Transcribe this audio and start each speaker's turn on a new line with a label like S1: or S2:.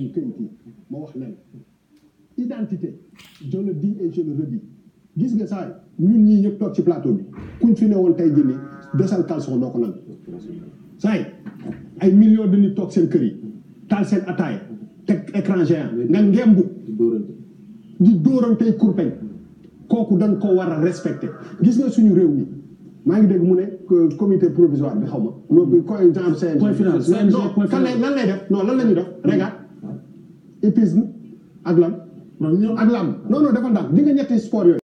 S1: ñu këyit yi ma wax leen identité je le dis et je gis nga saa ñun ñii yëpp toog ci plateau bi kuñ fi ne woon tey jii nii desal caleçon doo ko nangu saa ay millions de nit toog seen kër yi taal seen ataaya teg écran géant nga ngemb di dóorantey kurpeñ kooku dañ ko war a respecté gis nga suñu réew mi maa ngi dégg mu ne euh, comité provisoire bi xaw ma. loolu hmm. point finance non lan lay def non lan la ñu def regarde hippisme ak lan. non ñoom ak lamb non non dafa ndànk di nga ñetti sport yooyu.